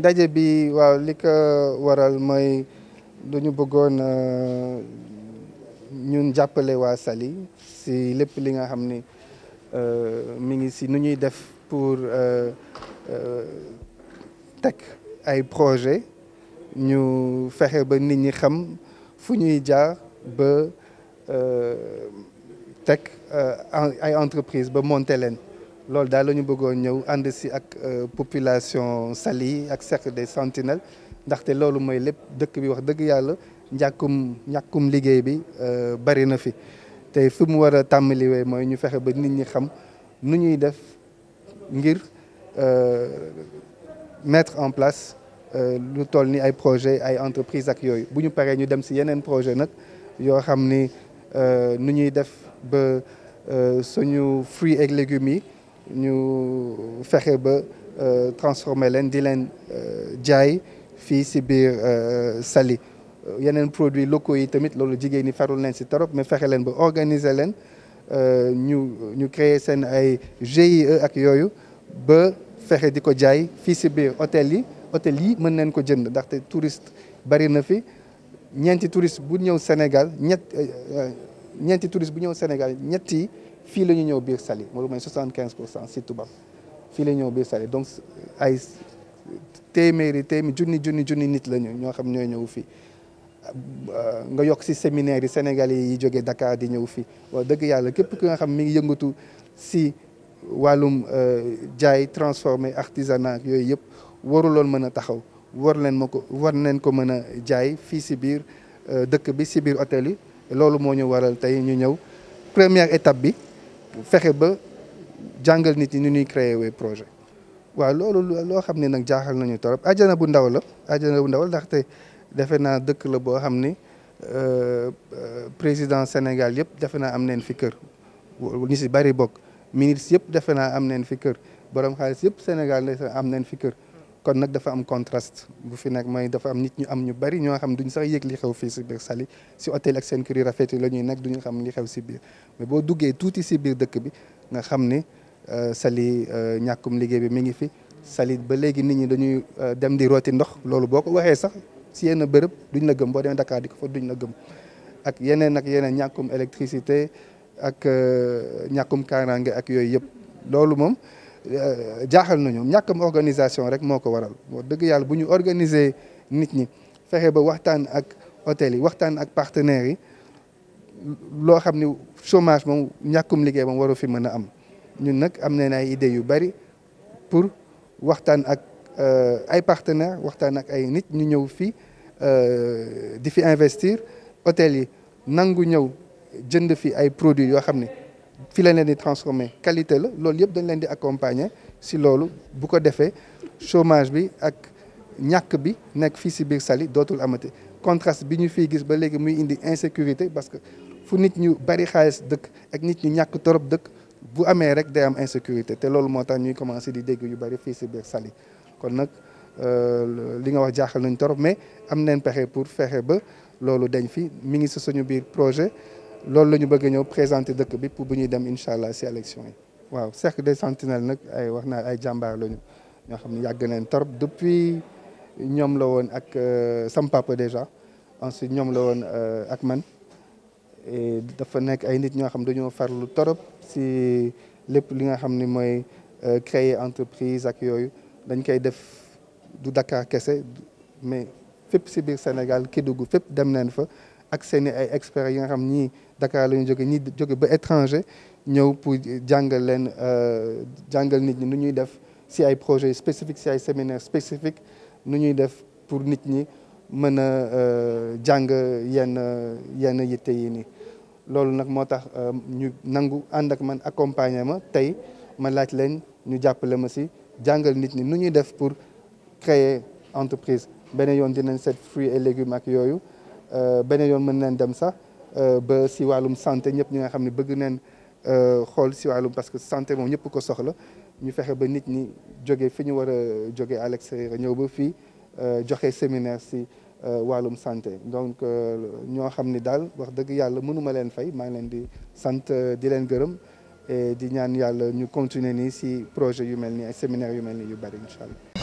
ndaje bi waaw li ko waral mooy dañu bëggoon euh, ñun jàppale waa sali si lépp li nga xam ni euh, mi ngi si nu ñuy def pour euh, teg ay projet ñu fexe ba nit ñi xam fu ñuy jaar ba teg ay entreprise ba monter leen loolu daal la ñu bëggoon ñëw ànd si ak euh, population Saly yi ak cercle des sentinelles ndaxte loolu mooy lépp dëkk bi wax dëgg yàlla njàkkum ñàkkum liggéey bi euh, bari na fi te fi mu war a tàmbaliwee mooy ñu fexe ba nit ñi xam nu ñuy def ngir euh, mettre en place lu toll ni ay projet ay entreprise ak yoy buñu paré ñu dem ci yenen projet nak yo xamni euh nu ñuy def ba euh suñu fruits et légumes nous transformé ba euh, transformer leen di leen euh, jaay Sali. Il y a des produits locaux yi tamit loolu jigéen mais nous leen ba organiser Euh, nous ñu créer des GIE ak ba Les Bir, hôtel hôtel bari bu Sénégal euh, Sénégal fii la ñu ñëw biir Saly moom mooy 75 pour cent si Toubab fii la ñëw biir sali donc ay téeméeri téeméeri junni junni junni nit la ñu ñoo xam ñooy ñëw fii. Euh, nga yokk si séminaire yi sénégal yi jógee dakaar di ñëw fii waaw dëgg yàlla képp ki nga xam mi ngi yëngatu si wàllum euh, jaay transformé artisanat yooyu yëpp waruloon mën a taxaw war leen ma ko war leen ko mën a jaay fii si biir euh, dëkk bi si biir hôtel yi loolu moo ñu waral tey ñu ñëw première étape bi. fexe ba jàngal nit ñi nu ñuy créer wee projet waaw loolu loo xam ne nag jaaxal nañu torop ajana bu ndaw la ajana bu ndaw la ndaxte defe naa dëkk la boo xam ni euh, président Sénégal yëpp defe naa am neen fi kër ñu si bari bokk ministre yëpp defe naa am neen fi kër borom xaalis yëpp Sénégal am neen fi kër kon nak dafa am contraste bu fi nek mooy dafa am nit ñu am ñu bari ño xam duñ sax yëg li xew fii si biir Saly si hôtel ak seen kër yu lañuy yi duñ xam li xew ci biir mais bo duggé tuuti ci biir dëkk bi nga xam ne euh, sali euh, ñakum liggéey bi mi ngi fi Saly ba légui nit ñi dañuy euh, dem di roti ndox lolu boko waxé sax si yenn bërepp duñ la gëm bo demee Dakar di ko fa duñ la gëm ak yeneen ak yeneen ñakum électricité ak ñakum kaaraange ak yoy yépp lolu mom jaaxal nañu ñàkkam organisation rek moo ko waral moo dëgg yàlla bu ñu organiser nit ñi fexe ba waxtaan ak hôtel yi waxtaan ak partenaires yi loo xam ni chômage moom ñàkkum liggéey moom waru fi mën a am ñun nag am nañ ay idées yu bari pour waxtaan ak euh, ay partenaires waxtaan ak ay nit ñu ñëw fii euh, di fi investir hôtel yi nangu ñëw jënd fi ay produits yoo xam ni fii la leen di transformer qualité la loolu yëpp dañ leen di accompagner si loolu bu ko defee chômage bi ak ñàkk bi nekk fii si biir sali dootul amati contraste bi ñu fiy gis ba léegi muy indi insécurité parce que fu nit ñu bari xaalis dëkk ak nit ñu ñàkk torop dëkk bu amee rek day am insécurité te loolu moo tax ñuy commencé di dégg yu bari fii si biir sali kon nag euh, li nga wax jaaxal nañ torop mais am nañ pexe pour fexe ba loolu dañ fi mi ngi si suñu biir projet loolu lañu bëgg a ñëw présenter dëkk bi pour bu ñuy dem inshallah ci élection yi waaw cercle des sentinelles nak ay wax naa ay jambar lañu ñoo xamni ne nañ torop depuis ñom la woon ak euh, sam papa déjà ensuite ñom la woon euh, ak man et dafa nek ay nit ñoo xam dañoo farlu torop ci lepp li nga xamni moy euh, créer entreprise ak yoyu dañ koy def du Dakar kese mais fep ci biir Sénégal ki Kédougou fep dem nañ fa ak seen i ay experts yi nga xam Dakar la ñu jóge ñii jóge ba étranger ñeu pour jàngal euh jàngal nit ñi nu ñuy def si ay projets spécifiques ci ay séminaires spécifiques nu ñuy def pour nit ñi mëna euh jàng yenn yenn yitte yi nii. loolu nag moo euh, ñu nangu and ak man accompagner ma tey ma laaj leen ñu jàppale ma si jàngal nit ñi nu ñuy def pour créer entreprise beneen yoon dinañ set fruits et légumes ak yoyu Euh, beneen yoon mën nañ dem sax euh, ba si wàllum santé ñëpp ñi nga xam ne bëgg neen euh, xool si wàllum parce que santé moom ñëpp ko soxla ñu fexe ba nit ñi jóge fi ñu war a jóge à l'extérieur ñëw ba fii joxe séminaire si wàllum santé donc ñoo xam ni daal wax dëgg yàlla mënuma leen fay maa ngi leen di sant di leen gërëm e di ñaan yàlla ñu continuer nii si projet yu mel ni ay séminaire yu mel ni yu bari incha allah